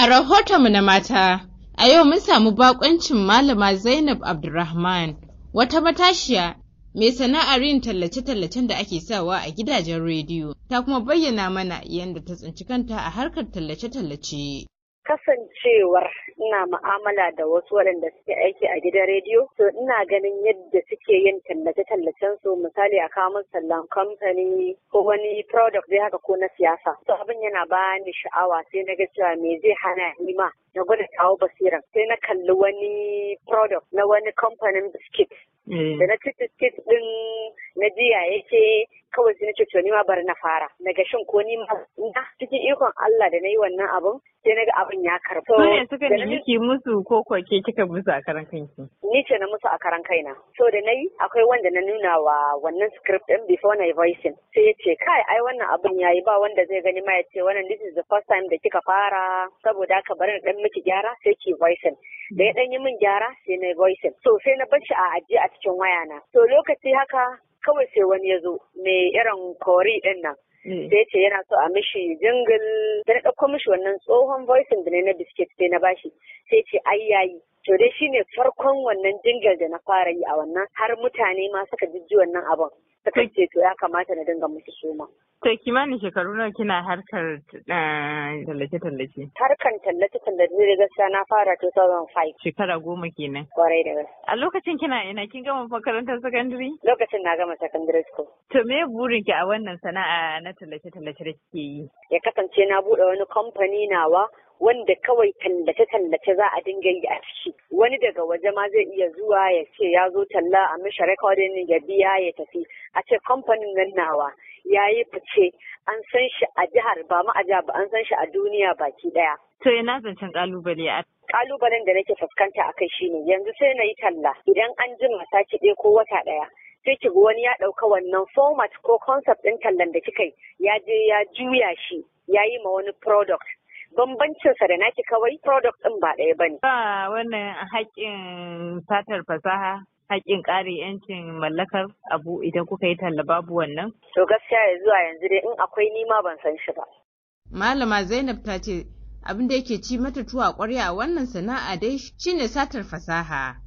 A rahotonmu na mata, a yau mun samu bakoncin Malama Zainab Abdulrahman, wata matashiya mai sana'ar yin tallace-tallacen da ake sawa a gidajen rediyo, ta kuma bayyana mana yadda ta tsinci kanta a harkar tallace-tallace. kasancewar ina ma'amala da wasu waɗanda suke aiki a gidan rediyo to ina ganin yadda suke yin tallace-tallacen su misali a kamun sallan kamfani ko wani product zai haka ko na siyasa to abin yana ba ni sha'awa sai na ga cewa me zai hana ni ma na gwada kawo basiran sai na kalli wani product na wani kamfanin biskit Eh. da na ci biskit din na jiya ce kawai sai na ce to ni ma bari na fara na ga shin ko ni ma cikin ikon Allah da na yi wannan abun sai na ga abin ya karbo so ne suka nemi musu ko ko ke kika musu a karan kanki ni ce na musu a karan kaina so da na yi akwai wanda na nuna wa wannan script din before na voicing sai ya ce kai ai wannan abin ya yi ba wanda zai gani ma ya ce wannan this is the first time da kika fara saboda ka bari na dan miki gyara sai ki voicing da ya ɗan yi min gyara sai na voice So sai na bar shi a ajiye a cikin wayana to lokaci haka kawai sai wani ya zo mai irin kori ɗin nan Mm. sai ce yana so a mishi jingil da na ɗauko mishi wannan tsohon voicing da na biskit sai na bashi sai ce ai yayi to dai shine farkon wannan jingil da na fara yi a wannan har mutane ma suka jijji wannan abun suka ce to ya kamata na dinga musu suma. To kimanin shekaru nawa kina harkar eh, tallace-tallace? Harkar tallace-tallace da gaskiya na fara 2005. Shekara goma kenan. Kwarai da gaske. A lokacin kina ina kin gama makarantar sakandare? Lokacin na gama sakandare school. To me burin ki a wannan sana'a na tallace-tallace da kike yi? Ya kasance na buɗe wani kamfani nawa wanda kawai tallace-tallace za a dinga yi a ciki. Wani daga waje ma zai iya zuwa ya ce ya zo talla a mishi rekodin ya biya ya tafi. A ce kamfanin nan nawa ya yi fice an san shi a jihar ba ma a ba an san shi a duniya baki ɗaya. To yana zancen kalubale a Kalubalen da nake fuskanta a kai shine yanzu sai na yi talla idan an jima sati ɗaya ko wata ɗaya sai ki ga wani ya ɗauka wannan format ko concept ɗin tallan da kika ya je ya juya shi ya yi ma wani product bambancinsa da naki kawai product ɗin ba ɗaya bane. Ba wannan haƙƙin satar fasaha haƙƙin ƙari yancin mallakar abu idan kuka yi talla babu wannan. To gaskiya ya zuwa yanzu dai in akwai nima ban san shi ba. Malama Zainab ta ce abin da yake ci mata tuwa ƙwarya a wannan sana'a dai shine satar fasaha.